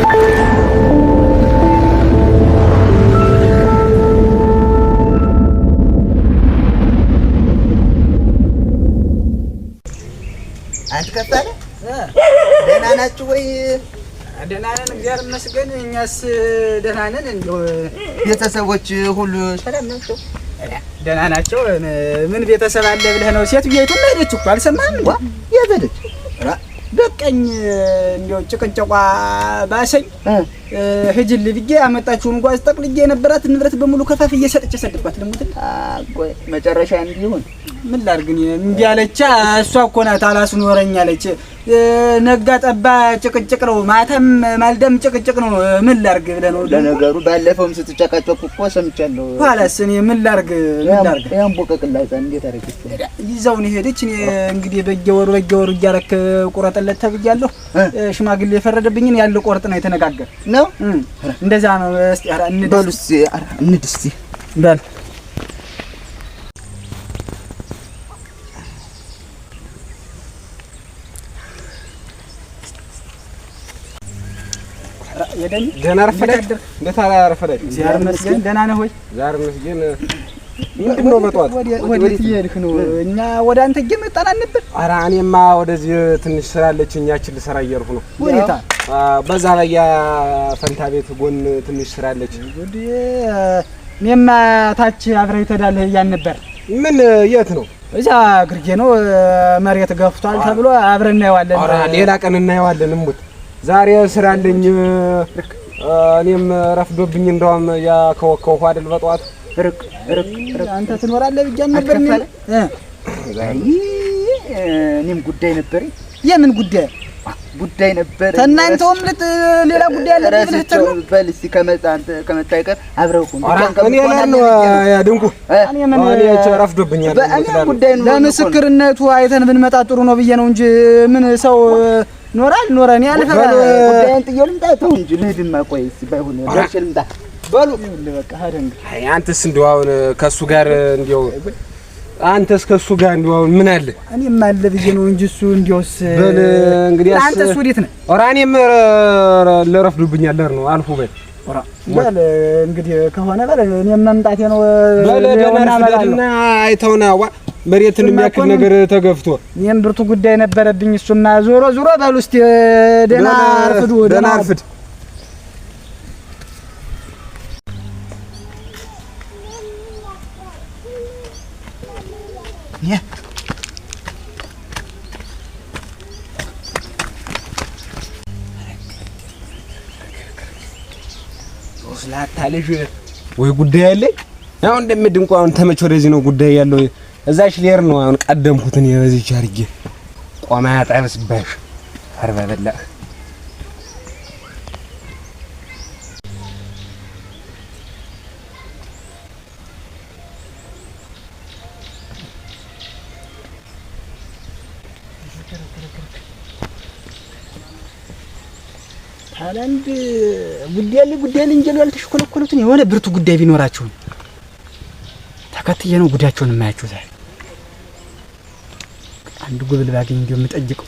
አንተ ከፋለ ደህና ናችሁ ወይ? ደህና ነን፣ እግዚአብሔር ይመስገን። እኛስ ደህና ነን። እንደው ቤተሰቦች ሁሉ ሰላም ናቸው? ደህና ናቸው። ምን ቤተሰብ አለ ብለህ ነው? ሴትዮዋ የቱም ሄደች እኮ አልሰማህም? የት ሄደች? በቀኝ እንዲያው ጭቅጭቋ ባሰኝ። ህጅል ልጌ አመጣችውን ጓዝ ጠቅልጌ የነበራት ንብረት በሙሉ ከፋፍ እየሰጥቼ ሰድኳት። ልሙት መጨረሻ እንዲሆን ምን ላድርግ እኔ እምቢ አለች። እሷ እኮ ናት አላስኖረኝ አለች። ነጋ ጠባ ጭቅጭቅ ነው፣ ማታም ማልደም ጭቅጭቅ ነው። ምን ላድርግ ብለህ ነው? ለነገሩ ባለፈውም ስትጨቃጨቁ እኮ ሰምቻለሁ። ኋላስ እኔ ምን ላድርግ ምን ላድርግ? ያን ቦቀቅላ ሕፃን እንዴት አደረገች? ይዛውን ሄደች። እኔ እንግዲህ በየወሩ በየወሩ እያረክ ቁረጥለት ተብያለሁ። ሽማግሌ የፈረደብኝን ያለ ቆርጥ ነው የተነጋገር ነው። እንደዛ ነው። እስቲ አራ እንድስ በሉ፣ እስኪ ኧረ በል ደህና ረፈዳችሁ? እንዴት እግዚአብሔር ይመስገን። ደህና ነህ ወይ? እግዚአብሔር ይመስገን። ምንድን ነው በጠዋት ወዴት እየሄድክ ነው? እኛ ወደ አንተ እየመጣን አልነበር? ኧረ እኔማ ወደዚህ ትንሽ ስራ ልሰራ እየሄድኩ ነው። በዛ ላይ ያ ፈንታ ቤት ጎን ትንሽ ስራ አለች። እኔማ ታች አብረህ ትሄዳለህ እያልን ነበር። ምን የት ነው? ግርጌ ነው። መሬት ገፍቷል ተብሎ አብረን እናየዋለን። ሌላ ቀን እናየዋለን። እሙት ዛሬ ስራ አለኝ። እኔም ረፍዶብኝ እንደውም ያከወከውኩ አይደል በጠዋት ርቅ ርቅ ርቅ አንተ ትኖራለህ ብዬሽ ነበር። እኔ እኔም ጉዳይ ነበር። የምን ጉዳይ ጉዳይ ነበር? ተናንተውም ልት ሌላ ጉዳይ አለ ብለህ ነው በል። እስቲ ከመጣ አንተ ከመጣ ይቀር አብረው እኮ እኔ ላይ ነው ያ ድንቁ። እኔ ምን ረፍዶብኛል። ለምስክርነቱ አይተን ብንመጣ ጥሩ ነው ብዬ ነው እንጂ ምን ሰው ኖራል ኖረ እኔ አልፈራ ጉዳይን ጥዬ ልምጣ። ተው እንጂ ልሂድማ። ቆይ እስኪ ባይሆን ደርሼ ልምጣ። በሉ በቃ አደንግ። አይ አንተስ እንደው አሁን ከእሱ ጋር እንደው አንተስ ከእሱ ጋር እንደው አሁን ምን አለ? እኔማ አለ ብዬ ነው እንጂ እሱ እንደውስ በል እንግዲህ አንተስ ወዴት ነህ? ኧረ እኔም ለረፍዶብኛል ለር ነው አልፎ በል ኧረ በል እንግዲህ ከሆነ በል እኔም መምጣቴ ነው በል ደህና ሂደህና አይተውና ዋ መሬትን የሚያክል ነገር ተገፍቶ እኔም ብርቱ ጉዳይ ነበረብኝ። እሱና ዞሮ ዞሮ በል ውስጥ ደህና አርፍዱ፣ ደህና አርፍድ። ስላታ ልጅ ወይ ጉዳይ አለኝ። አሁን እንደምድንቋ አሁን ተመች ወደዚህ ነው ጉዳይ ያለው እዛሽ ሌር ነው አሁን ቀደምኩትን የበዚህ ቻርጌ ቆማ ያጠብስባሽ አርባ በላ ታይላንድ ጉዳይ ላይ ጉዳይ ላይ ያልተሽኮለኮሉትን የሆነ ብርቱ ጉዳይ ቢኖራቸውን ተከትዬ ነው ጉዳያቸውን የማያቸው ዛሬ አንድ ጉብል ባገኝ እንዲሁ የምጠይቀው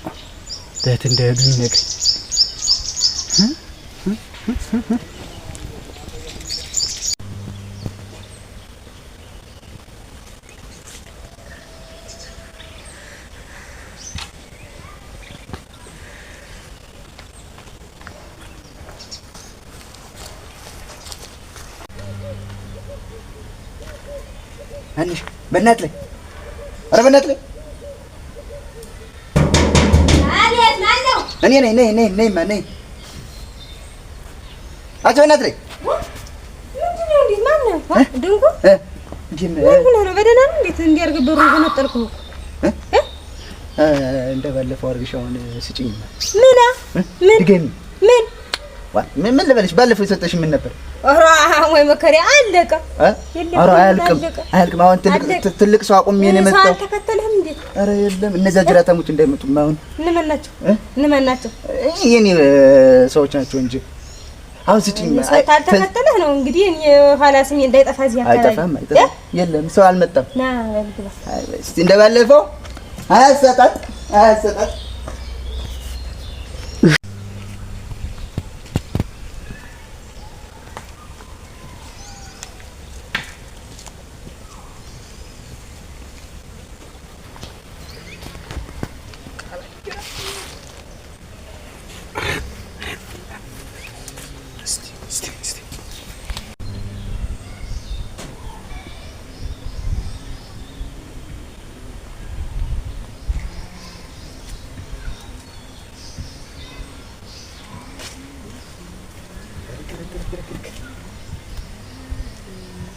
በእህት እንዳሄዱ ይነግረኝ። በእናት ላይ ኧረ በእናት ላይ እኔ ነኝ ነኝ ነኝ ነኝ ነኝ። አንቺ በእናትህ ላይ እንደ ባለፈው አድርግሽ ምን ልበልሽ? ባለፈው የሰጠሽ ምን ነበር? ወይ መከሪያ አለቀ። ኧረ አያልቅም፣ አያልቅም። አሁን ትልቅ ሰው አቁሜ ነው የመጣው። አልተከተልህም እንዴ? ኧረ የለም። እነዚያ ጅራታሞች እንዳይመጡም አሁን እነማን ናቸው? እነማን ናቸው? የእኔ ሰዎች ናቸው እንጂ አሁን ስጪኝ። አልተከተልህ ነው እንግዲህ። እኔ ኋላ ስሜ እንዳይጠፋ እዚህ አካባቢ አይጠፋም። የለም ሰው አልመጣም። እንደባለፈው አያሰጣት፣ አያሰጣት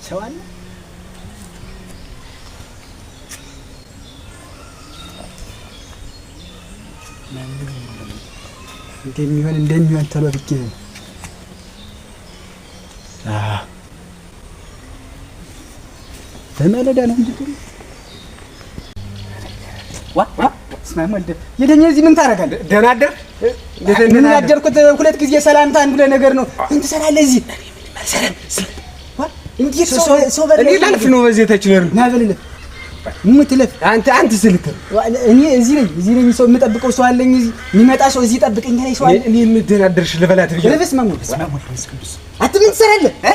ሰው አለ እንደሚሆን እንደሚሆን ተሎ ብዬ ነው። በማለዳ ነው እንጂ ዋ ዋ ስማ ወልደ የደኛ እዚህ ምን ታደርጋለህ? ደህና አደርክ? ያደርኩት ሁለት ጊዜ ሰላምታ አንዱ ነገር ነው። ምን ትሰራለህ እዚህ? እንዴት ነው በዚህ ተችለር ናበልልህ የምትለፍ አንተ አንተ ስልክ እኔ እዚህ ነኝ እዚህ ነኝ። ሰው የምጠብቀው ሰው አለኝ። እዚህ የሚመጣ ሰው እዚህ ጠብቀኝ ሰው አለ። እኔ የምደናደርሽ ልበላት ብዬ ልብስ ማሙ ልብስ ማሙ ልብስ አትምን ትሰራለህ እ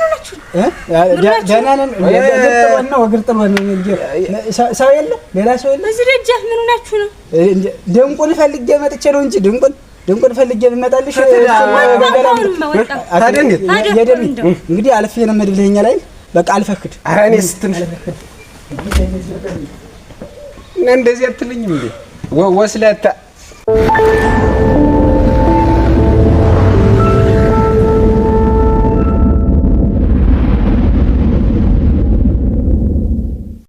ደህና ነን። ሰው የለም፣ ሌላ ሰው የለም። እዚህ ደጃፍ ምን ሆናችሁ ነው? ድንቁን ፈልጌ መጥቼ ነው እንጂ ድንቁን ድንቁን ፈልጌ ብመጣልሽ እንግዲህ አልፌ ነው የምሄድ ብለኸኛል በቃ አልፈክድ። ኧረ እኔ ስትል እና እንደዚህ አትልኝም እንዴ ወስለታ